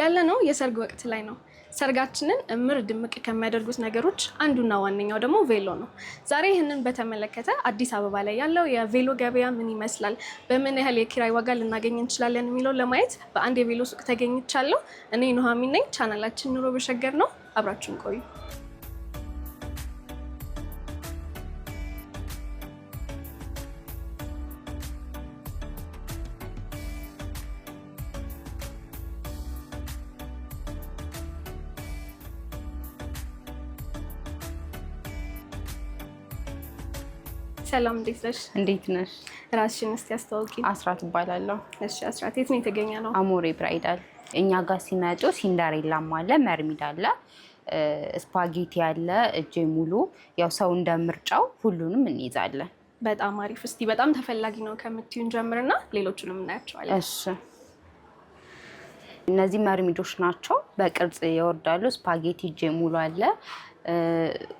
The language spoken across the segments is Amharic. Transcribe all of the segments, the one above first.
ያለ ነው የሰርግ ወቅት ላይ ነው። ሰርጋችንን እምር ድምቅ ከሚያደርጉት ነገሮች አንዱና ዋነኛው ደግሞ ቬሎ ነው። ዛሬ ይህንን በተመለከተ አዲስ አበባ ላይ ያለው የቬሎ ገበያ ምን ይመስላል፣ በምን ያህል የኪራይ ዋጋ ልናገኝ እንችላለን የሚለው ለማየት በአንድ የቬሎ ሱቅ ተገኝቻለሁ። እኔ ኑሃሚ ነኝ። ቻናላችን ኑሮ በሸገር ነው። አብራችን ቆዩ። ሰላም እንዴት ነሽ? እንዴት ነሽ? ራስሽን እስቲ አስተዋውቂ። አስራት እባላለሁ። እሺ አስራት፣ የት ነው የተገኘ ነው? አሞሬ ብራይዳል። እኛ ጋር ሲመጡ ሲንደሬላም አለ፣ መርሚድ አለ፣ ስፓጌቲ አለ፣ እጄ ሙሉ። ያው ሰው እንደ ምርጫው ሁሉንም እንይዛለን። በጣም አሪፍ። እስቲ በጣም ተፈላጊ ነው ከምትዩን ጀምርና ሌሎቹንም እናያቸዋለን። እሺ እነዚህ መርሚዶች ናቸው። በቅርጽ ይወርዳሉ። ስፓጌቲ እጄ ሙሉ አለ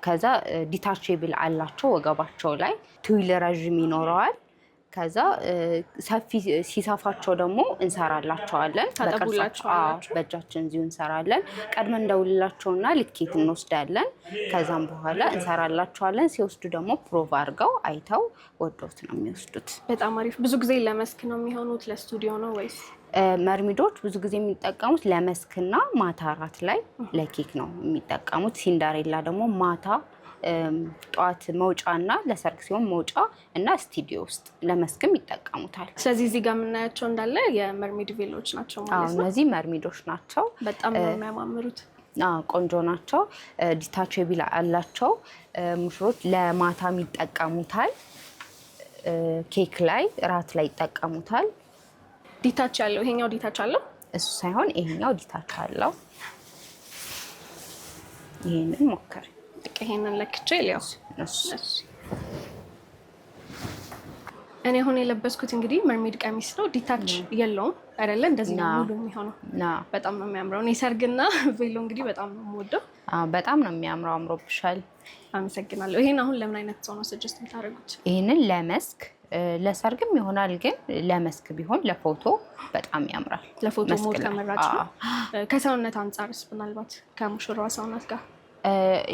ከዛ ዲታቼብል አላቸው ወገባቸው ላይ ትዊል ረዥም ይኖረዋል። ከዛ ሰፊ ሲሰፋቸው ደግሞ እንሰራላቸዋለን። በእጃችን እዚሁ እንሰራለን። ቀድመን እንደውልላቸውና ልኬት እንወስዳለን። ከዛም በኋላ እንሰራላቸዋለን። ሲወስዱ ደግሞ ፕሮቭ አድርገው አይተው ወዶት ነው የሚወስዱት። በጣም አሪፍ። ብዙ ጊዜ ለመስክ ነው የሚሆኑት ለስቱዲዮ ነው ወይስ መርሚዶች ብዙ ጊዜ የሚጠቀሙት ለመስክና ማታ አራት ላይ ለኬክ ነው የሚጠቀሙት። ሲንዳሬላ ደግሞ ማታ ጠዋት መውጫ እና ለሰርግ ሲሆን መውጫ እና ስቱዲዮ ውስጥ ለመስክም ይጠቀሙታል። ስለዚህ እዚህ ጋር የምናያቸው እንዳለ የመርሚድ ቬሎች ናቸው ማለት ነው። እነዚህ መርሚዶች ናቸው። በጣም ነው የሚያማምሩት። ቆንጆ ናቸው። ዲታቼብል አላቸው። ሙሽሮች ለማታም ይጠቀሙታል። ኬክ ላይ ራት ላይ ይጠቀሙታል። ዲታች ያለው ይሄኛው ዲታች አለው እሱ ሳይሆን ይሄኛው ዲታች አለው። ይሄንን ሞከር ጥቅ ይሄንን ለክቼ ሊያው እኔ አሁን የለበስኩት እንግዲህ መርሜድ ቀሚስ ነው። ዲታች የለውም አይደለ? እንደዚህ ነው ሙሉ የሚሆነው። በጣም ነው የሚያምረው። እኔ ሰርግና ቬሎ እንግዲህ በጣም ነው የምወደው። በጣም ነው የሚያምረው። አምሮብሻል። አመሰግናለሁ። ይሄን አሁን ለምን አይነት ሰው ነው ስጅስት የምታደርጉት? ይህንን ለመስክ ለሰርግም ይሆናል፣ ግን ለመስክ ቢሆን ለፎቶ በጣም ያምራል። ለፎቶ ሞድ ተመራጭ ነው። ከሰውነት አንጻርስ ምናልባት ከሙሽራ ሰውነት ጋር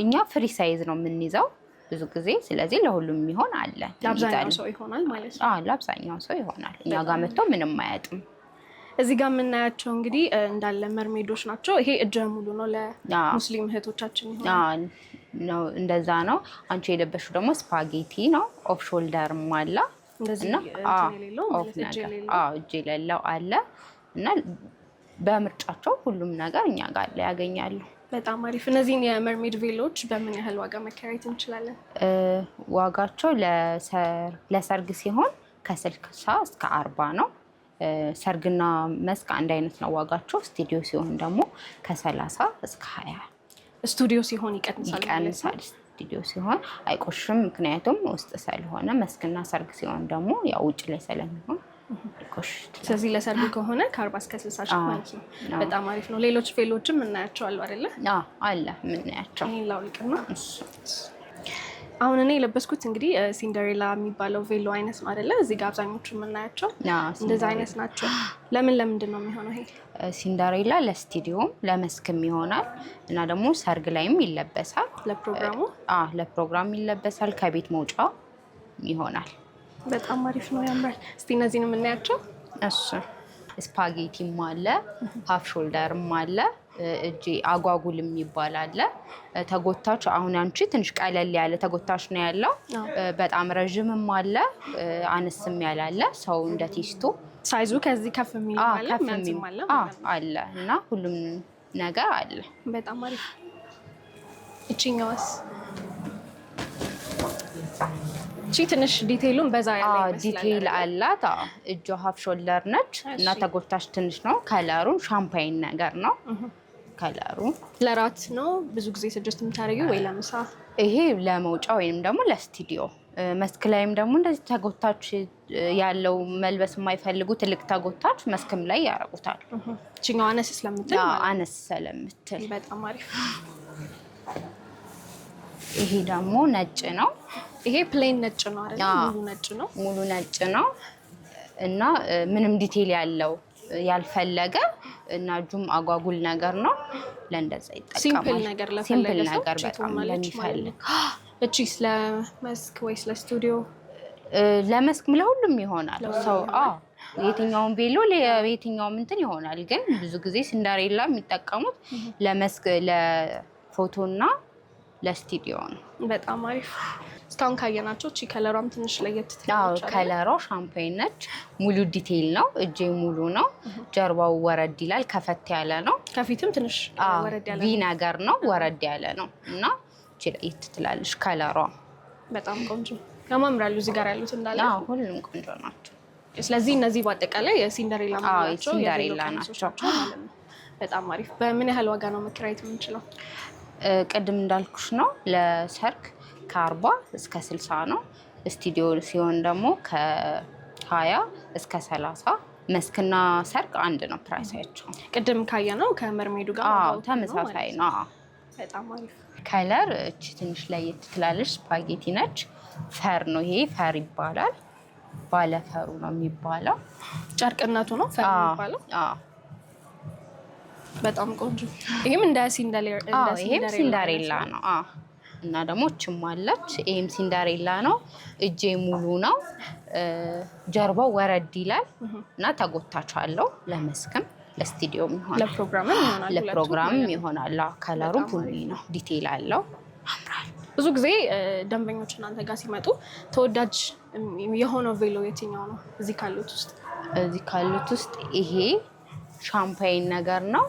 እኛ ፍሪ ሳይዝ ነው የምንይዘው ብዙ ጊዜ ስለዚህ ለሁሉም የሚሆን አለ። ለአብዛኛው ሰው ይሆናል ማለት ነው። ለአብዛኛው ሰው ይሆናል። እኛ ጋር መጥቶ ምንም አያጥም። እዚህ ጋር የምናያቸው እንግዲህ እንዳለ መርሜዶች ናቸው። ይሄ እጀ ሙሉ ነው፣ ለሙስሊም እህቶቻችን ነው። እንደዛ ነው። አንቺ የለበሽው ደግሞ ስፓጌቲ ነው። ኦፍ ሾልደርም አላ እጅ የሌለው አለ እና በምርጫቸው ሁሉም ነገር እኛ ጋር ላይ ያገኛሉ። በጣም አሪፍ። እነዚህን የመርሜድ ቬሎች በምን ያህል ዋጋ መከራየት እንችላለን? ዋጋቸው ለሰርግ ሲሆን ከስልሳ እስከ አርባ ነው። ሰርግና መስክ አንድ አይነት ነው ዋጋቸው። ስቱዲዮ ሲሆን ደግሞ ከሰላሳ እስከ ሀያ ስቱዲዮ ሲሆን ይቀንሳል። ስቱዲዮ ሲሆን አይቆሽም፣ ምክንያቱም ውስጥ ስለሆነ። መስክና ሰርግ ሲሆን ደግሞ ያው ውጭ ላይ ስለሚሆን ስለዚህ ለሰርግ ከሆነ ከአርባ እስከ ስልሳ ሺህ ማለት ነው። በጣም አሪፍ ነው። ሌሎች ፌሎችም እናያቸው አሉ አይደለ? አለ የምናያቸው ላውልቅና አሁን እኔ የለበስኩት እንግዲህ ሲንደሬላ የሚባለው ቬሎ አይነት ነው አደለ? እዚህ ጋር አብዛኞቹ የምናያቸው እንደዚ አይነት ናቸው። ለምን ለምንድን ነው የሚሆነው ይሄ? ሲንደሬላ ለስቱዲዮም ለመስክም ይሆናል እና ደግሞ ሰርግ ላይም ይለበሳል። ለፕሮግራሙ ለፕሮግራም ይለበሳል። ከቤት መውጫ ይሆናል። በጣም አሪፍ ነው፣ ያምራል። እስቲ እነዚህን የምናያቸው እሱ ስፓጌቲም አለ ሀፍ ሾልደርም አለ እጄ አጓጉልም ይባላል። ተጎታች አሁን አንቺ ትንሽ ቀለል ያለ ተጎታች ነው ያለው። በጣም ረዥምም አለ አነስም ያላለ ሰው እንደ ቴስቱ ሳይዙ ከዚህ ከፍ አለ እና ሁሉም ነገር አለ። በጣም አሪፍ። እቺኛዋስ እቺ ትንሽ ዲቴይሉን በዛ ያለ ዲቴይል አላት። እጇ ሀፍ ሾለር ነች እና ተጎታች ትንሽ ነው። ከለሩ ሻምፓይን ነገር ነው ከለሩ። ለራት ነው ብዙ ጊዜ ስጀስት የምታደርጊው ወይ ለምሳ? ይሄ ለመውጫ ወይም ደግሞ ለስቱዲዮ መስክ ላይም ደግሞ እንደዚህ ተጎታች ያለው መልበስ የማይፈልጉ ትልቅ ተጎታች መስክም ላይ ያረጉታል። እችኛው አነስ ስለምትል አነስ ስለምትል በጣም አሪፍ ይሄ ደግሞ ነጭ ነው። ይሄ ፕሌን ነጭ ነው አይደል? ሙሉ ነጭ ነው። ሙሉ ነጭ ነው እና ምንም ዲቴል ያለው ያልፈለገ እና እጁም አጓጉል ነገር ነው። ለእንደዛ ይጠቀማል። ሲምፕል ነገር ለፈለገ ሰው በጣም ለሚፈልግ እቺ ለመስክ ወይስ ለስቱዲዮ? ለመስክ ለሁሉም ይሆናል ሰው የትኛውን ቤሎ የትኛውም እንትን ይሆናል። ግን ብዙ ጊዜ ሲንደሬላ የሚጠቀሙት ለመስክ ለፎቶና ለስቱዲዮ ነው። በጣም አሪፍ። እስካሁን ካየናቸው እቺ ከለሯም ትንሽ ለየት ትላለች። ከለሯ ሻምፓኝ ነች። ሙሉ ዲቴይል ነው። እጄ ሙሉ ነው። ጀርባው ወረድ ይላል። ከፈት ያለ ነው። ከፊትም ትንሽ ወረድ ያለ ነው። ነገር ነው ወረድ ያለ ነው እና እቺ ለየት ትላለች ከለሯ። በጣም ቆንጆ ያማምራሉ። እዚህ ጋር ያሉት እንዳለ ሁሉም ቆንጆ ናቸው። ስለዚህ እነዚህ በአጠቃላይ የሲንደሬላ ናቸው። በጣም አሪፍ። በምን ያህል ዋጋ ነው መከራየት የምንችለው? ቅድም እንዳልኩሽ ነው ለሰርግ ከአርባ እስከ ስልሳ ነው። ስቱዲዮ ሲሆን ደግሞ ከሀያ እስከ ሰላሳ መስክና ሰርግ አንድ ነው ፕራይሳቸው። ቅድም ካየ ነው ከመርሜዱ ጋር ተመሳሳይ ነው። በጣም አሪፍ ከለር። እቺ ትንሽ ለየት ትላለች። ስፓጌቲ ነች። ፈር ነው ይሄ ፈር ይባላል። ባለፈሩ ነው የሚባለው። ጨርቅነቱ ነው ፈር የሚባለው በጣም ቆንጆ። ይህም እንደ ሲንዳሬላ ነው። እና ደግሞ ችም አለች። ይህም ሲንዳሬላ ነው። እጄ ሙሉ ነው። ጀርባው ወረድ ይላል እና ተጎታች አለው። ለመስክም ለስቱዲዮም ይሆናል፣ ለፕሮግራምም ይሆናል። ከለሩ ቡኒ ነው። ዲቴይል አለው። ብዙ ጊዜ ደንበኞች እናንተ ጋር ሲመጡ ተወዳጅ የሆነው ቬሎ የትኛው ነው? እዚህ ካሉት ውስጥ እዚህ ካሉት ውስጥ ይሄ ሻምፓይን ነገር ነው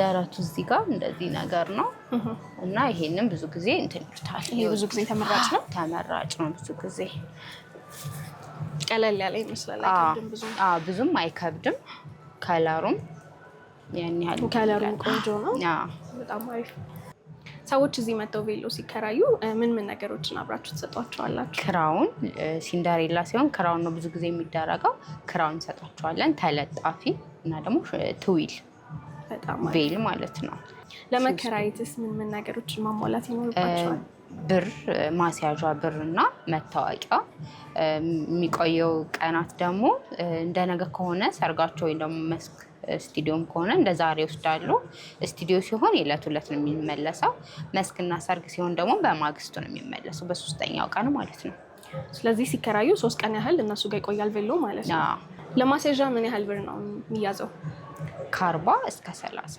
ደረቱ እዚህ ጋር እንደዚህ ነገር ነው እና ይሄንን ብዙ ጊዜ እንትን ይሉታል። ይሄ ብዙ ጊዜ ተመራጭ ነው፣ ተመራጭ ነው ብዙ ጊዜ ቀለል ያለ ይመስላል። ብዙም አይከብድም። ከለሩም ያን ያህል ከለሩም ቆንጆ ነው። በጣም አሪፍ። ሰዎች እዚህ መጥተው ቬሎ ሲከራዩ ምን ምን ነገሮችን አብራችሁ ትሰጧቸዋላችሁ? ክራውን ሲንደሬላ ሲሆን ክራውን ነው ብዙ ጊዜ የሚደረገው። ክራውን እንሰጧቸዋለን፣ ተለጣፊ እና ደግሞ ትዊል ቤል ማለት ነው። ለመከራየትስ ምን ምን ነገሮችን ማሟላት ይኖርባቸዋል? ብር ማስያዣ ብር እና መታወቂያ። የሚቆየው ቀናት ደግሞ እንደ ነገ ከሆነ ሰርጋቸው ወይም ደግሞ መስክ ስቱዲዮም ከሆነ እንደ ዛሬ ይወስዳሉ። ስቱዲዮ ሲሆን የዕለት ሁለት ነው የሚመለሰው። መስክና ሰርግ ሲሆን ደግሞ በማግስቱ ነው የሚመለሰው፣ በሶስተኛው ቀን ማለት ነው። ስለዚህ ሲከራዩ ሶስት ቀን ያህል እነሱ ጋር ይቆያል ቬሎ ማለት ነው። ለማስያዣ ምን ያህል ብር ነው የሚያዘው? ከአርባ እስከ ሰላሳ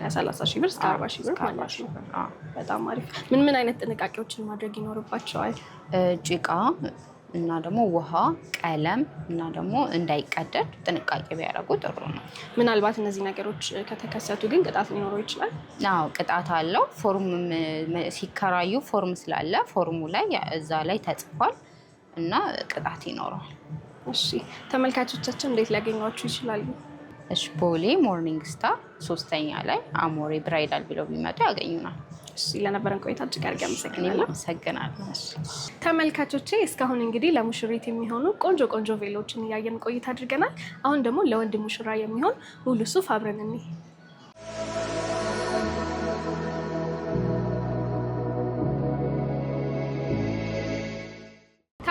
ከሰላሳ ሺህ ብር እስከ አርባ ሺህ ብር ማለት ነው። በጣም አሪፍ። ምን ምን አይነት ጥንቃቄዎችን ማድረግ ይኖርባቸዋል? ጭቃ እና ደግሞ ውሃ፣ ቀለም እና ደግሞ እንዳይቀደድ ጥንቃቄ ቢያደርጉ ጥሩ ነው። ምናልባት እነዚህ ነገሮች ከተከሰቱ ግን ቅጣት ሊኖረው ይችላል። አዎ ቅጣት አለው። ፎርም ሲከራዩ ፎርም ስላለ ፎርሙ ላይ እዛ ላይ ተጽፏል እና ቅጣት ይኖረዋል። እሺ ተመልካቾቻችን እንዴት ሊያገኟችሁ ይችላሉ? እሺ ሞርኒንግ ስታር ሶስተኛ ላይ አሞሬ ብራይዳል ብለው ቢመጡ ያገኙናል። ለነበረን ቆይታ እጅግ አድርጌ አመሰግናለሁ። አመሰግናለሁ። ተመልካቾቼ እስካሁን እንግዲህ ለሙሽሪት የሚሆኑ ቆንጆ ቆንጆ ቬሎችን እያየን ቆይታ አድርገናል። አሁን ደግሞ ለወንድ ሙሽራ የሚሆን ሙሉ ሱፍ አብረን እንይ።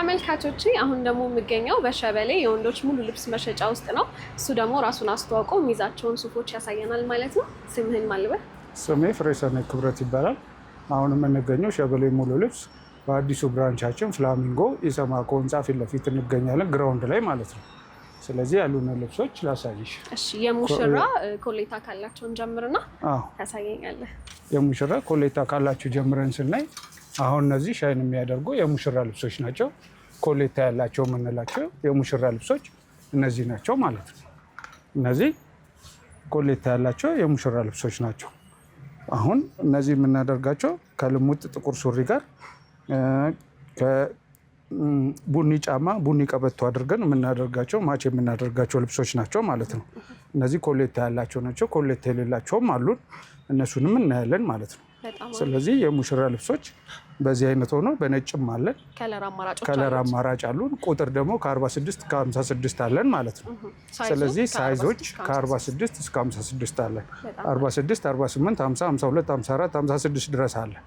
ተመልካቾቼ አሁን ደግሞ የምገኘው በሸበሌ የወንዶች ሙሉ ልብስ መሸጫ ውስጥ ነው። እሱ ደግሞ ራሱን አስተዋውቆ የሚይዛቸውን ሱፎች ያሳየናል ማለት ነው። ስምህን ማልበል? ስሜ ፍሬሰነ ክብረት ይባላል። አሁን የምንገኘው ሸበሌ ሙሉ ልብስ በአዲሱ ብራንቻችን ፍላሚንጎ ኢሰማኮ ህንፃ ፊት ለፊት እንገኛለን፣ ግራውንድ ላይ ማለት ነው። ስለዚህ ያሉን ልብሶች ላሳይሽ። እሺ፣ የሙሽራ ኮሌታ ካላቸውን ጀምርና ታሳየኛለህ። የሙሽራ ኮሌታ ካላቸው ጀምረን ስናይ አሁን እነዚህ ሻይን የሚያደርጉ የሙሽራ ልብሶች ናቸው። ኮሌታ ያላቸው የምንላቸው የሙሽራ ልብሶች እነዚህ ናቸው ማለት ነው። እነዚህ ኮሌታ ያላቸው የሙሽራ ልብሶች ናቸው። አሁን እነዚህ የምናደርጋቸው ከልሙጥ ጥቁር ሱሪ ጋር ቡኒ ጫማ፣ ቡኒ ቀበቶ አድርገን የምናደርጋቸው ማች የምናደርጋቸው ልብሶች ናቸው ማለት ነው። እነዚህ ኮሌታ ያላቸው ናቸው። ኮሌታ የሌላቸውም አሉን፣ እነሱንም እናያለን ማለት ነው። ስለዚህ የሙሽራ ልብሶች በዚህ አይነት ሆኖ በነጭም አለን። ከለር አማራጭ አሉን። ቁጥር ደግሞ ከ46 እስከ 56 አለን ማለት ነው። ስለዚህ ሳይዞች ከ46 እስከ 56 አለን። 46፣ 48፣ 50፣ 52፣ 54፣ 56 ድረስ አለን።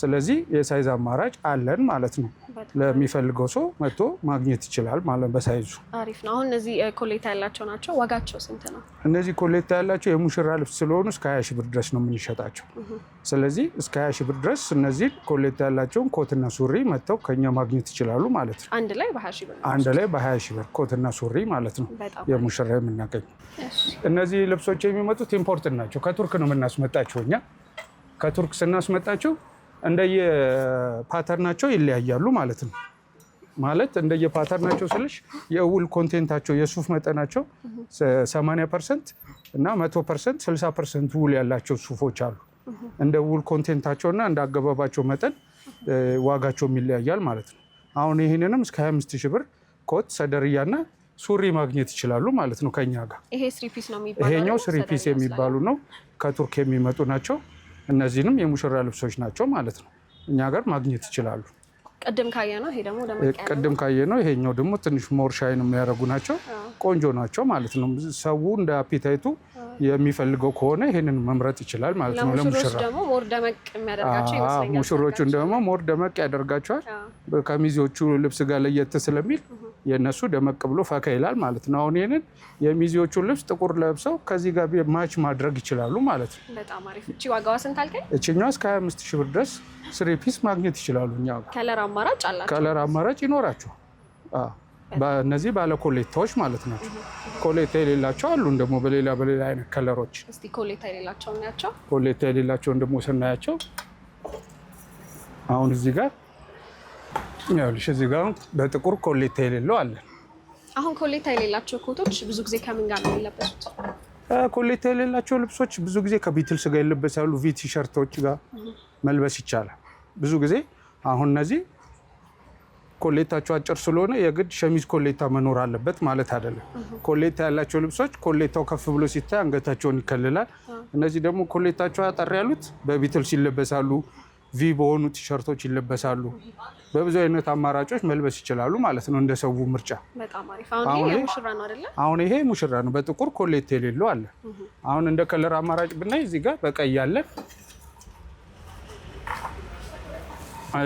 ስለዚህ የሳይዝ አማራጭ አለን ማለት ነው። ለሚፈልገው ሰው መጥቶ ማግኘት ይችላል ማለት በሳይዙ አሪፍ ነው። አሁን እነዚህ eh, ኮሌታ ያላቸው ናቸው። ዋጋቸው ስንት ነው? እነዚህ ኮሌታ ያላቸው የሙሽራ ልብስ ስለሆኑ እስከ ሀያ ሺህ ብር ድረስ ነው የምንሸጣቸው። ስለዚህ እስከ ሀያ ሺህ ብር ድረስ እነዚህ ኮሌታ ያላቸውን ኮትና ሱሪ መጥተው ከኛ ማግኘት ይችላሉ ማለት ነው። አንድ ላይ በሀያ ሺህ ብር አንድ ላይ በሀያ ሺህ ብር ኮትና ሱሪ ማለት ነው። የሙሽራ የምናገኝ እነዚህ ልብሶች የሚመጡት ኢምፖርትን ናቸው። ከቱርክ ነው የምናስመጣቸው እኛ ከቱርክ ስናስመጣቸው እንደየ ፓተርናቸው ይለያያሉ ማለት ነው። ማለት እንደየ ፓተርናቸው ስልሽ የውል ኮንቴንታቸው የሱፍ መጠናቸው 80 ፐርሰንት እና 100 ፐርሰንት 60 ፐርሰንት ውል ያላቸው ሱፎች አሉ። እንደ ውል ኮንቴንታቸውና እንደ አገባባቸው መጠን ዋጋቸው ይለያያል ማለት ነው። አሁን ይህንንም እስከ 25 ሺህ ብር ኮት፣ ሰደርያና ሱሪ ማግኘት ይችላሉ ማለት ነው ከኛ ጋር። ይሄኛው ስሪፒስ የሚባሉ ነው፣ ከቱርክ የሚመጡ ናቸው። እነዚህንም የሙሽራ ልብሶች ናቸው ማለት ነው። እኛ ጋር ማግኘት ይችላሉ። ቅድም ካየ ነው ይሄ ደግሞ ቅድም ካየ ነው ይሄኛው ደግሞ ትንሽ ሞር ሻይን የሚያደርጉ ናቸው። ቆንጆ ናቸው ማለት ነው። ሰው እንደ አፒታይቱ የሚፈልገው ከሆነ ይሄንን መምረጥ ይችላል ማለት ነው። ለሙሽራ ደግሞ ሞር ደመቅ የሚያደርጋቸው ይመስለኛል። ሙሽሮቹን ደግሞ ሞር ደመቅ ያደርጋቸዋል። ከሚዜዎቹ ልብስ ጋር ለየት ስለሚል የእነሱ ደመቅ ብሎ ፈካ ይላል ማለት ነው። አሁን ይህንን የሚዜዎቹን ልብስ ጥቁር ለብሰው ከዚህ ጋር ማች ማድረግ ይችላሉ ማለት ነው። በጣም አሪፍ። እቺ ዋጋዋ ስንት አልከኝ? እስከ 25 ሺህ ብር ድረስ ስሪ ፒስ ማግኘት ይችላሉ። እኛ ከለር አማራጭ አላቸው። ከለር አማራጭ ይኖራቸው። እነዚህ ባለ ኮሌታዎች ማለት ናቸው። ኮሌታ የሌላቸው አሉን ደግሞ በሌላ በሌላ አይነት ከለሮች። እስቲ ኮሌታ የሌላቸው እናያቸው። ኮሌታ የሌላቸውን ደግሞ ስናያቸው አሁን እዚህ ጋር ይኸውልሽ እዚህ ጋር በጥቁር ኮሌታ የሌለው አለን። አሁን ኮሌታ የሌላቸው ኮቶች ብዙ ጊዜ ከምን ጋር ነው የሚለበሱት? ኮሌታ የሌላቸው ልብሶች ብዙ ጊዜ ከቢትልስ ጋር ይለበሳሉ። ቪ ቲሸርቶች ጋር መልበስ ይቻላል። ብዙ ጊዜ አሁን እነዚህ ኮሌታቸው አጭር ስለሆነ የግድ ሸሚዝ ኮሌታ መኖር አለበት ማለት አይደለም። ኮሌታ ያላቸው ልብሶች ኮሌታው ከፍ ብሎ ሲታይ አንገታቸውን ይከልላል። እነዚህ ደግሞ ኮሌታቸው አጠር ያሉት በቢትልስ ይለበሳሉ። ቪ በሆኑ ቲሸርቶች ይለበሳሉ። በብዙ አይነት አማራጮች መልበስ ይችላሉ ማለት ነው፣ እንደ ሰው ምርጫ። አሁን ይሄ ሙሽራ ነው፣ በጥቁር ኮሌት የሌለው አለ። አሁን እንደ ከለር አማራጭ ብናይ እዚህ ጋር በቀይ አለን።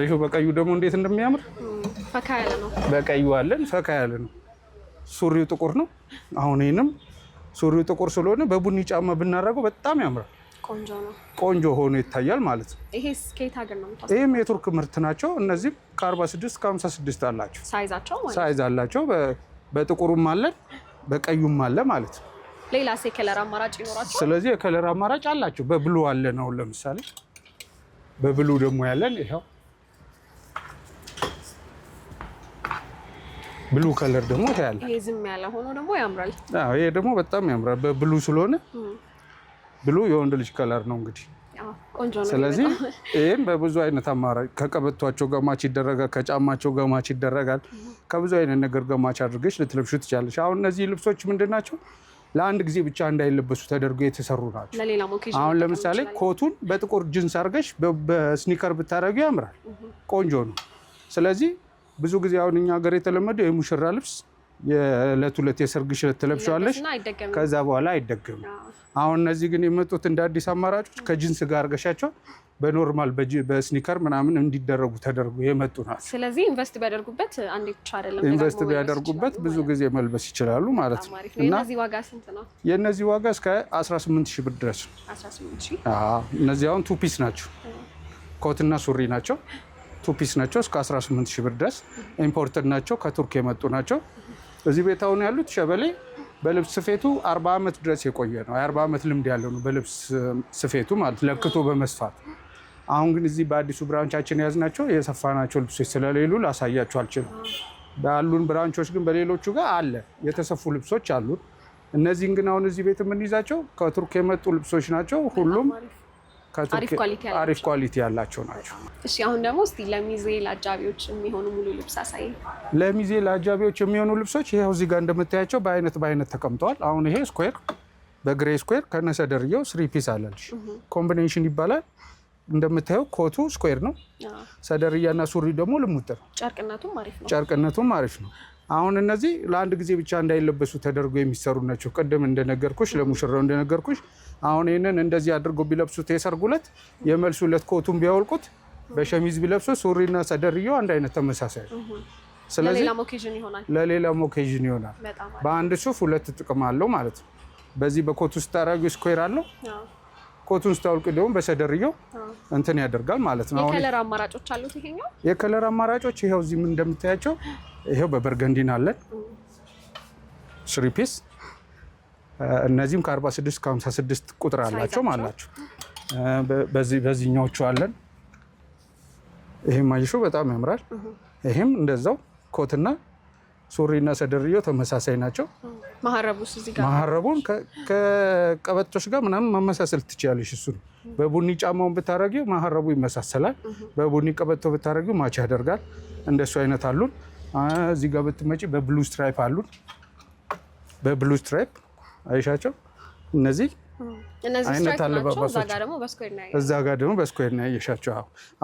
ይሄው በቀዩ ደግሞ እንዴት እንደሚያምር ፈካ ያለ ነው። በቀዩ አለን፣ ፈካ ያለ ነው። ሱሪው ጥቁር ነው። አሁን ይህንም ሱሪው ጥቁር ስለሆነ በቡኒ ጫማ ብናደርገው በጣም ያምራል። ቆንጆ ሆኖ ይታያል ማለት ነው። ይህም የቱርክ ምርት ናቸው። እነዚህም ከ46 እስከ 56 አላቸው ሳይዝ አላቸው። በጥቁሩም አለን በቀዩም አለ ማለት ነው። ሌላስ የከለር አማራጭ ይኖራቸው? ስለዚህ የከለር አማራጭ አላቸው። በብሉ አለ ነው። ለምሳሌ በብሉ ደግሞ ያለን ይኸው ብሉ ከለር ደግሞ ታያለ። ይሄ ዝም ያለ ሆኖ ደግሞ ያምራል። ይሄ ደግሞ በጣም ያምራል በብሉ ስለሆነ ብሉ የወንድ ልጅ ከለር ነው እንግዲህ ስለዚህ ይህም በብዙ አይነት አማራጭ ከቀበቷቸው ገማች ይደረጋል፣ ከጫማቸው ገማች ይደረጋል። ከብዙ አይነት ነገር ገማች አድርገች ልትለብሹ ትችላለሽ። አሁን እነዚህ ልብሶች ምንድን ናቸው? ለአንድ ጊዜ ብቻ እንዳይለበሱ ተደርጎ የተሰሩ ናቸው። አሁን ለምሳሌ ኮቱን በጥቁር ጅንስ አድርገሽ በስኒከር ብታደረጉ ያምራል፣ ቆንጆ ነው። ስለዚህ ብዙ ጊዜ አሁን እኛ ሀገር የተለመደው የሙሽራ ልብስ የዕለት ሁለት የሰርግ ሽረት ትለብሻለሽ። ከዛ በኋላ አይደገምም። አሁን እነዚህ ግን የመጡት እንደ አዲስ አማራጮች ከጂንስ ጋር አርገሻቸው በኖርማል በስኒከር ምናምን እንዲደረጉ ተደርጉ የመጡ ናቸው። ስለዚህ ኢንቨስት ቢያደርጉበት አንዴ ብቻ አይደለም፣ ኢንቨስት ቢያደርጉበት ብዙ ጊዜ መልበስ ይችላሉ ማለት ነው። እና የእነዚህ ዋጋ እስከ 18 ሺህ ብር ድረስ ነው። እነዚህ አሁን ቱፒስ ናቸው፣ ኮትና ሱሪ ናቸው። ቱፒስ ናቸው እስከ 18 ሺህ ብር ድረስ። ኢምፖርትድ ናቸው፣ ከቱርክ የመጡ ናቸው። እዚህ ቤት አሁን ያሉት ሸበሌ በልብስ ስፌቱ አርባ ዓመት ድረስ የቆየ ነው። የአርባ ዓመት ልምድ ያለው ነው በልብስ ስፌቱ ማለት ለክቶ በመስፋት። አሁን ግን እዚህ በአዲሱ ብራንቻችን የያዝናቸው የሰፋናቸው ልብሶች ስለሌሉ ላሳያቸው አልችልም። ባሉን ብራንቾች ግን በሌሎቹ ጋር አለ የተሰፉ ልብሶች አሉት። እነዚህን ግን አሁን እዚህ ቤት የምንይዛቸው ከቱርክ የመጡ ልብሶች ናቸው ሁሉም አሪፍ ኳሊቲ ያላቸው ናቸው። እሺ አሁን ደግሞ እስቲ ለሚዜ ለአጃቢዎች የሚሆኑ ሙሉ ልብስ አሳይ። ለሚዜ ለአጃቢዎች የሚሆኑ ልብሶች ይኸው እዚህ ጋር እንደምታያቸው በአይነት በአይነት ተቀምጠዋል። አሁን ይሄ ስኩዌር በግሬ ስኩዌር ከነሰደርየው ስሪ ፒስ አለልሽ ኮምቢኔሽን ይባላል። እንደምታየው ኮቱ ስኩዌር ነው። ሰደርያና ሱሪ ደግሞ ልሙጥ ነው። ጨርቅነቱም አሪፍ ነው። አሁን እነዚህ ለአንድ ጊዜ ብቻ እንዳይለበሱ ተደርጎ የሚሰሩ ናቸው። ቅድም እንደነገርኩሽ ለሙሽራው እንደነገርኩሽ፣ አሁን ይህንን እንደዚህ አድርገው ቢለብሱት የሰርጉ ዕለት የመልሱ ዕለት ኮቱን ቢያወልቁት በሸሚዝ ቢለብሱ ሱሪና ሰደርየው አንድ አይነት ተመሳሳይ ስለዚህ ለሌላም ኦኬዥን ይሆናል። በአንድ ሱፍ ሁለት ጥቅም አለው ማለት ነው። በዚህ በኮቱ ስታረጊ ስኩዌር አለው ኮቱን ስታውልቅ ደግሞ በሸደርዮ እንትን ያደርጋል ማለት ነው። የከለር አማራጮች አሉት። ይሄኛው የከለር አማራጮች ይሄው እዚህ እንደምታያቸው ይሄው በበርገንዲን አለን ስሪፒስ እነዚህም ከ46 ከ56 ቁጥር አላቸው ማላቸው በዚህ በዚህኛዎቹ አለን። ይህም ማይሹ በጣም ያምራል። ይሄም እንደዛው ኮትና ሱሪና ሰደርዮ ተመሳሳይ ናቸው። መሀረቡን ከቀበቶች ጋር ምናምን ማመሳሰል ትችላለሽ። እሱን በቡኒ ጫማውን ብታረጊው መሀረቡ ይመሳሰላል። በቡኒ ቀበቶ ብታረጊው ማች ያደርጋል። እንደሱ አይነት አሉን። እዚህ ጋር ብትመጪ በብሉ ስትራይፕ አሉን። በብሉ ስትራይፕ አይሻቸው እነዚህ አይነት አለባባሶች እዛ ጋር ደግሞ በስኩዌር ነው ያየሻቸው።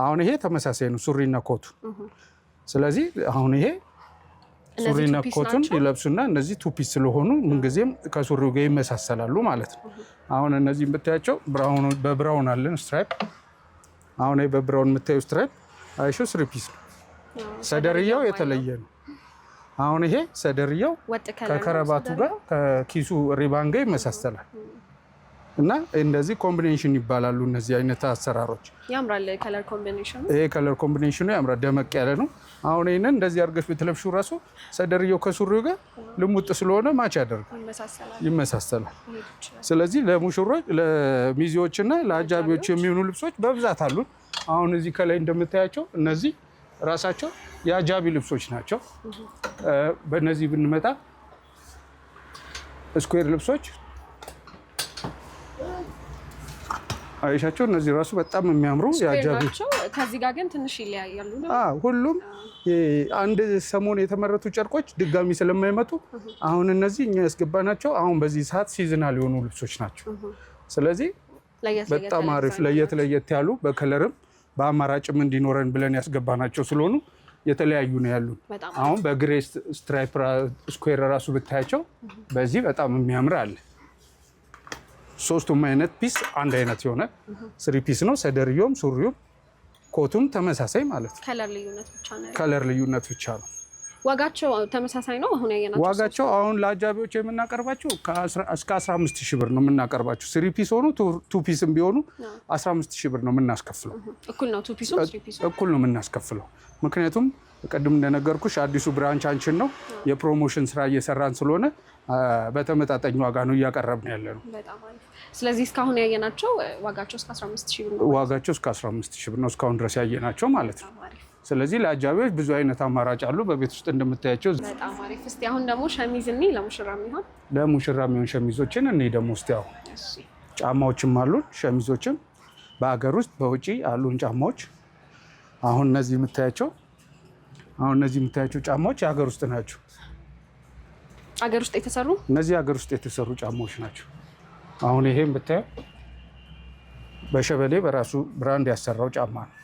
አሁን ይሄ ተመሳሳይ ነው ሱሪና ኮቱ። ስለዚህ አሁን ይሄ ሱሪና ኮትን ይለብሱና እነዚህ ቱፒስ ስለሆኑ ምንጊዜም ከሱሪው ጋር ይመሳሰላሉ ማለት ነው። አሁን እነዚህ የምታያቸው በብራውን አለን ስትራይፕ። አሁን በብራውን የምታዩ ስትራይፕ አይሹ ስሪ ፒስ ነው። ሰደርያው የተለየ ነው። አሁን ይሄ ሰደርያው ከከረባቱ ጋር ከኪሱ ሪባን ጋር ይመሳሰላል። እና እንደዚህ ኮምቢኔሽን ይባላሉ። እነዚህ አይነት አሰራሮች ያምራል። ከለር ኮምቢኔሽኑ ይሄ ከለር ኮምቢኔሽኑ ያምራል፣ ደመቅ ያለ ነው። አሁን ይህንን እንደዚህ አድርገሽ ብትለብሺው ራሱ ሰደርየው ከሱሪው ጋር ልሙጥ ስለሆነ ማች ያደርጋል፣ ይመሳሰላል። ስለዚህ ለሙሽሮች ለሚዜዎችና ለአጃቢዎች የሚሆኑ ልብሶች በብዛት አሉ። አሁን እዚህ ከላይ እንደምታያቸው እነዚህ ራሳቸው የአጃቢ ልብሶች ናቸው። በእነዚህ ብንመጣ ስኩዌር ልብሶች አይሻቸው እነዚህ ራሱ በጣም የሚያምሩ ያጃቢ ከዚህ ጋር ግን ትንሽ ይለያያሉ። ሁሉም አንድ ሰሞን የተመረቱ ጨርቆች ድጋሚ ስለማይመጡ አሁን እነዚህ እኛ ያስገባናቸው አሁን በዚህ ሰዓት ሲዝናል የሆኑ ልብሶች ናቸው። ስለዚህ በጣም አሪፍ ለየት ለየት ያሉ በከለርም በአማራጭም እንዲኖረን ብለን ያስገባናቸው ስለሆኑ የተለያዩ ነው ያሉ። አሁን በግሬ ስትራይፕ ስኩዌር ራሱ ብታያቸው በዚህ በጣም የሚያምር አለ። ሶስቱም አይነት ፒስ አንድ አይነት የሆነ ስሪ ፒስ ነው። ሰደርዮም ሱሪውም ኮቱም ተመሳሳይ ማለት ነው። ከለር ልዩነት ብቻ ነው። ዋጋቸው ተመሳሳይ ነው። አሁን ያየናቸው ዋጋቸው አሁን ለአጃቢዎች የምናቀርባቸው እስከ 15 ሺህ ብር ነው የምናቀርባቸው። ስሪ ፒስ ሆኑ ቱ ፒስም ቢሆኑ 15 ሺህ ብር ነው የምናስከፍለው። እኩል ነው፣ ቱ ስሪ እኩል ነው የምናስከፍለው። ምክንያቱም ቅድም እንደነገርኩሽ አዲሱ ብራንቻችን ነው የፕሮሞሽን ስራ እየሰራን ስለሆነ በተመጣጣኝ ዋጋ ነው እያቀረብ ነው ያለ ነው። ስለዚህ እስካሁን ያየናቸው ዋጋቸው እስከ 15 ሺህ ብር ነው። ዋጋቸው እስከ 15 ሺህ ብር ነው እስካሁን ድረስ ያየናቸው ማለት ነው። ስለዚህ ለአጃቢዎች ብዙ አይነት አማራጭ አሉ በቤት ውስጥ እንደምታያቸው። በጣም አሪፍ። እስቲ አሁን ደግሞ ሸሚዝ እኔ ለሙሽራ የሚሆን ለሙሽራ የሚሆን ሸሚዞችን እኔ ደግሞ እስቲ አሁን ጫማዎችም አሉን ሸሚዞችም በሀገር ውስጥ በውጪ አሉን ጫማዎች አሁን እነዚህ የምታያቸው አሁን እነዚህ የምታያቸው ጫማዎች የሀገር ውስጥ ናቸው። አገር ውስጥ የተሰሩ እነዚህ አገር ውስጥ የተሰሩ ጫማዎች ናቸው። አሁን ይሄ የምታየው በሸበሌ በራሱ ብራንድ ያሰራው ጫማ ነው።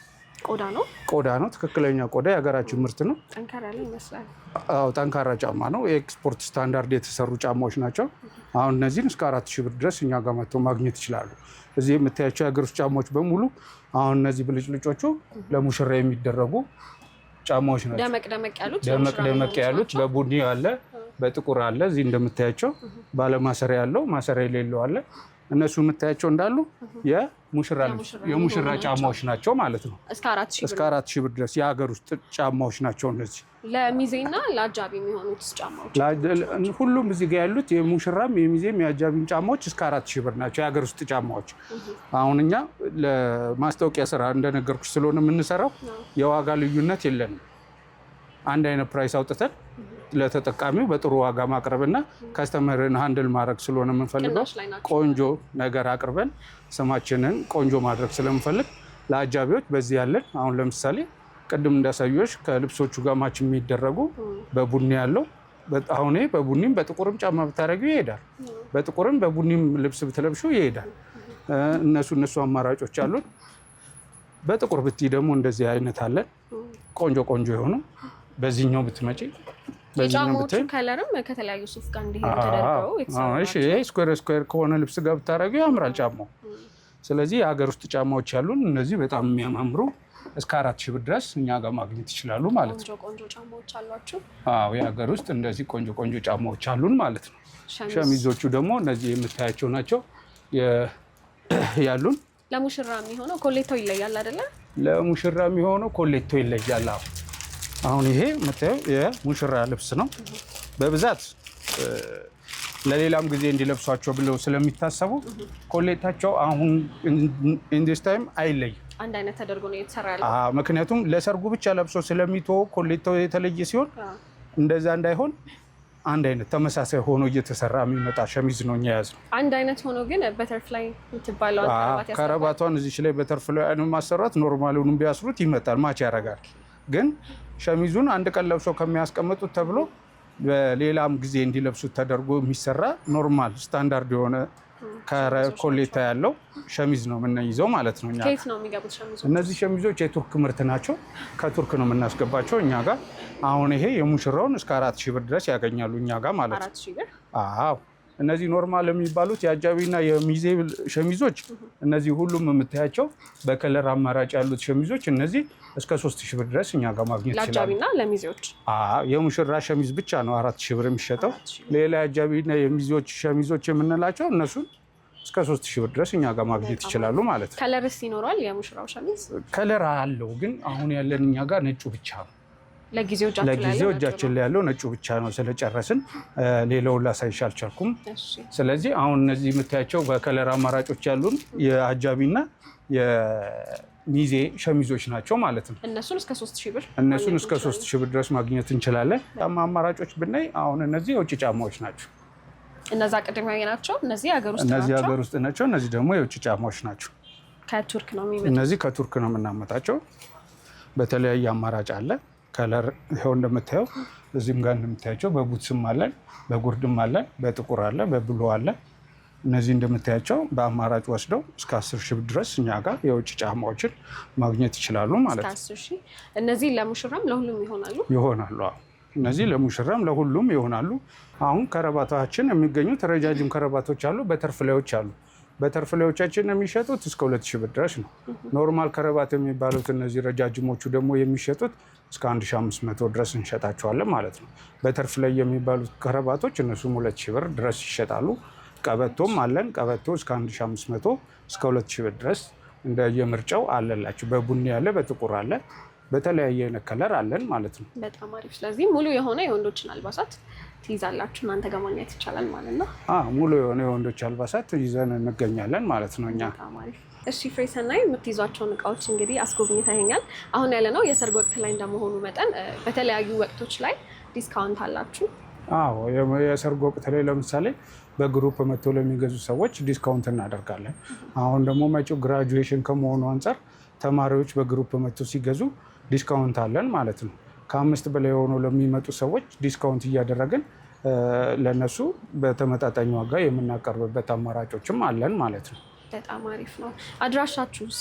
ቆዳ ነው ቆዳ ነው ትክክለኛ ቆዳ የሀገራችን ምርት ነው። አዎ ጠንካራ ጫማ ነው። የኤክስፖርት ስታንዳርድ የተሰሩ ጫማዎች ናቸው። አሁን እነዚህን እስከ አራት ሺህ ብር ድረስ እኛ ጋር መጥተው ማግኘት ይችላሉ። እዚህ የምታያቸው የሀገር ውስጥ ጫማዎች በሙሉ አሁን እነዚህ ብልጭልጮቹ ለሙሽራ የሚደረጉ ጫማዎች ናቸው። ደመቅ ደመቅ ያሉት ለቡኒ አለ በጥቁር አለ። እዚህ እንደምታያቸው ባለማሰሪያ ያለው ማሰሪያ የሌለው አለ። እነሱ የምታያቸው እንዳሉ የሙሽራ ጫማዎች ናቸው ማለት ነው። እስከ አራት ሺህ ብር ድረስ የሀገር ውስጥ ጫማዎች ናቸው። እነዚህ ለሚዜና ለአጃቢ የሚሆኑት ጫማዎች ሁሉም እዚህ ጋር ያሉት የሙሽራም የሚዜም የአጃቢም ጫማዎች እስከ አራት ሺህ ብር ናቸው። የሀገር ውስጥ ጫማዎች አሁን እኛ ለማስታወቂያ ስራ እንደነገርኩች ስለሆነ የምንሰራው የዋጋ ልዩነት የለንም። አንድ አይነት ፕራይስ አውጥተን ለተጠቃሚው በጥሩ ዋጋ ማቅረብና ከስተመርን ሀንድል ማድረግ ስለሆነ የምንፈልገው ቆንጆ ነገር አቅርበን ስማችንን ቆንጆ ማድረግ ስለምንፈልግ ለአጃቢዎች በዚህ ያለን አሁን ለምሳሌ ቅድም እንዳሳዮች ከልብሶቹ ጋር ማች የሚደረጉ በቡኒ ያለው አሁን በቡኒም በጥቁርም ጫማ ብታደረጊው ይሄዳል። በጥቁርም በቡኒም ልብስ ብትለብሹ ይሄዳል። እነሱ እነሱ አማራጮች አሉን። በጥቁር ብቲ ደግሞ እንደዚህ አይነት አለን ቆንጆ ቆንጆ የሆኑ በዚህኛው ብትመጪ የጫማዎቹ ከለርም ከተለያዩ ሱፍ ጋር እንዲሄዱ ስኩዌር ስኩዌር ከሆነ ልብስ ጋር ብታደርገው ያምራል ጫማው። ስለዚህ የሀገር ውስጥ ጫማዎች ያሉን እነዚህ በጣም የሚያማምሩ እስከ አራት ሺህ ብር ድረስ እኛ ጋር ማግኘት ይችላሉ ማለት ነው። ቆንጆ ጫማዎች አሏችሁ? አዎ የሀገር ውስጥ እንደዚህ ቆንጆ ቆንጆ ጫማዎች አሉን ማለት ነው። ሸሚዞቹ ደግሞ እነዚህ የምታያቸው ናቸው ያሉን። ለሙሽራ የሚሆነው ኮሌቶ ይለያል አይደለ? ለሙሽራ የሚሆነው ኮሌቶ ይለያል። አዎ አሁን ይሄ የምታየው የሙሽራ ልብስ ነው። በብዛት ለሌላም ጊዜ እንዲለብሷቸው ብለው ስለሚታሰቡ ኮሌታቸው አሁን ኢንዲስ ታይም አይለይም። አንድ አይነት ተደርጎ ነው የተሰራ ያለው። ምክንያቱም ለሰርጉ ብቻ ለብሶ ስለሚተወ ኮሌታው የተለየ ሲሆን እንደዛ እንዳይሆን አንድ አይነት ተመሳሳይ ሆኖ እየተሰራ የሚመጣ ሸሚዝ ነው እኛ የያዝነው። አንድ አይነት ሆኖ ግን በተርፍላይ የምትባለው ከረባቷን እዚች ላይ በተርፍላይ ማሰራት ኖርማሉንም ቢያስሩት ይመጣል፣ ማች ያደርጋል። ግን ሸሚዙን አንድ ቀን ለብሶ ከሚያስቀምጡት ተብሎ በሌላም ጊዜ እንዲለብሱት ተደርጎ የሚሰራ ኖርማል ስታንዳርድ የሆነ ኮሌታ ያለው ሸሚዝ ነው የምንይዘው ማለት ነው። እነዚህ ሸሚዞች የቱርክ ምርት ናቸው። ከቱርክ ነው የምናስገባቸው እኛ ጋር። አሁን ይሄ የሙሽራውን እስከ አራት ሺህ ብር ድረስ ያገኛሉ እኛ ጋር ማለት ነው። አዎ እነዚህ ኖርማል የሚባሉት የአጃቢና የሚዜ ሸሚዞች እነዚህ ሁሉም የምታያቸው በከለር አማራጭ ያሉት ሸሚዞች እነዚህ እስከ ሶስት ሺህ ብር ድረስ እኛ ጋር ማግኘት ይችላሉ። ለሚዜዎች የሙሽራ ሸሚዝ ብቻ ነው አራት ሺህ ብር የሚሸጠው። ሌላ የአጃቢና የሚዜዎች ሸሚዞች የምንላቸው እነሱን እስከ ሶስት ሺህ ብር ድረስ እኛ ጋር ማግኘት ይችላሉ ማለት ነው። ከለርስ ይኖረዋል? የሙሽራው ሸሚዝ ከለር አለው፣ ግን አሁን ያለን እኛ ጋር ነጩ ብቻ ነው። ለጊዜው እጃችን ላይ ያለው ነጩ ብቻ ነው ስለጨረስን ሌላውን ላሳይሽ አልቻልኩም። ስለዚህ አሁን እነዚህ የምታያቸው በከለር አማራጮች ያሉን የአጃቢና የሚዜ ሸሚዞች ናቸው ማለት ነው። እነሱን እስከ ሶስት ሺህ ብር እነሱን እስከ ሶስት ሺህ ብር ድረስ ማግኘት እንችላለን። ጫማ አማራጮች ብናይ አሁን እነዚህ የውጭ ጫማዎች ናቸው። እነዛ ቀደማዊ ናቸው። እነዚህ ሀገር ውስጥ እነዚህ ሀገር ውስጥ ናቸው። እነዚህ ደግሞ የውጭ ጫማዎች ናቸው። ከቱርክ ነው የሚመጣው። እነዚህ ከቱርክ ነው የምናመጣቸው። በተለያየ አማራጭ አለ። ከለር ይኸው እንደምታየው እዚህም ጋር እንደምታያቸው በቡትስም አለን፣ በጉርድም አለን፣ በጥቁር አለ፣ በብሎ አለ። እነዚህ እንደምታያቸው በአማራጭ ወስደው እስከ አስር ሺህ ድረስ እኛ ጋር የውጭ ጫማዎችን ማግኘት ይችላሉ ማለት ነው። እነዚህ ለሙሽራም ለሁሉም ይሆናሉ ይሆናሉ። እነዚህ ለሙሽራም ለሁሉም ይሆናሉ። አሁን ከረባታችን የሚገኙት ረጃጅም ከረባቶች አሉ፣ በተርፍ ላዮች አሉ በተርፍ ላዮቻችን የሚሸጡት እስከ ሁለት ብር ድረስ ነው። ኖርማል ከረባት የሚባሉት እነዚህ ረጃጅሞቹ ደግሞ የሚሸጡት እስከ 1500 ድረስ እንሸጣቸዋለን ማለት ነው። በተርፍ ላይ የሚባሉት ከረባቶች እነሱም ሁለት ብር ድረስ ይሸጣሉ። ቀበቶም አለን። ቀበቶ እስከ 1500 እስከ 2000 ብር ድረስ እንደየምርጫው አለላቸው። በቡኒ ያለ፣ በጥቁር አለ። በተለያየ አይነት ከለር አለን ማለት ነው። በጣም አሪፍ። ስለዚህ ሙሉ የሆነ የወንዶችን አልባሳት ትይዛላችሁ እናንተ ጋር ማግኘት ይቻላል ማለት ነው። ሙሉ የሆነ የወንዶች አልባሳት ይዘን እንገኛለን ማለት ነው እኛ። እሺ ሰናይ የምትይዟቸውን እቃዎች እንግዲህ አስጎብኝታ ይሄኛል። አሁን ያለ ነው የሰርግ ወቅት ላይ እንደመሆኑ መጠን በተለያዩ ወቅቶች ላይ ዲስካውንት አላችሁ? አዎ፣ የሰርግ ወቅት ላይ ለምሳሌ በግሩፕ መጥቶ ለሚገዙ ሰዎች ዲስካውንት እናደርጋለን። አሁን ደግሞ መጪው ግራጁዌሽን ከመሆኑ አንጻር ተማሪዎች በግሩፕ መጥቶ ሲገዙ ዲስካውንት አለን ማለት ነው። ከአምስት በላይ የሆኑ ለሚመጡ ሰዎች ዲስካውንት እያደረግን ለነሱ በተመጣጣኝ ዋጋ የምናቀርብበት አማራጮችም አለን ማለት ነው። በጣም አሪፍ ነው። አድራሻችሁስ?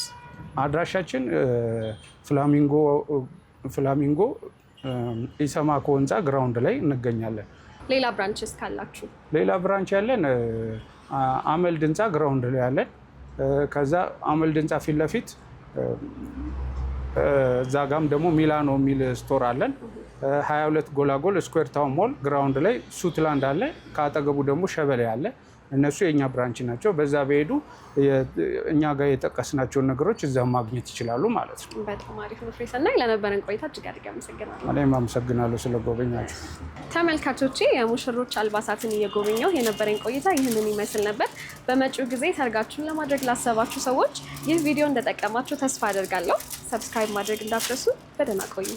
አድራሻችን ፍላሚንጎ ፍላሚንጎ ኢሰማኮ ህንፃ ግራውንድ ላይ እንገኛለን። ሌላ ብራንችስ ካላችሁ? ሌላ ብራንች ያለን አመልድ ህንፃ ግራውንድ ላይ ያለን። ከዛ አመልድ ህንፃ ፊት ለፊት እዛ ጋም ደግሞ ሚላኖ የሚል ስቶር አለን። 22 ጎላጎል ስኩዌር ታውን ሞል ግራውንድ ላይ ሱትላንድ አለ። ከአጠገቡ ደግሞ ሸበሌ አለ። እነሱ የእኛ ብራንች ናቸው። በዛ በሄዱ እኛ ጋር የጠቀስናቸውን ነገሮች እዛ ማግኘት ይችላሉ ማለት ነው። በጣም አሪፍ ነው። ፍሬሰናይ ለነበረን ቆይታ እጅግ አድርጌ አመሰግናለሁ። እኔም አመሰግናለሁ ስለጎበኛችሁ። ተመልካቾቼ የሙሽሮች አልባሳትን እየጎበኘው የነበረኝ ቆይታ ይህንን ይመስል ነበር። በመጪው ጊዜ ሰርጋችሁን ለማድረግ ላሰባችሁ ሰዎች ይህ ቪዲዮ እንደጠቀማችሁ ተስፋ አደርጋለሁ። ሰብስክራይብ ማድረግ እንዳትረሱ። በደህና ቆዩ።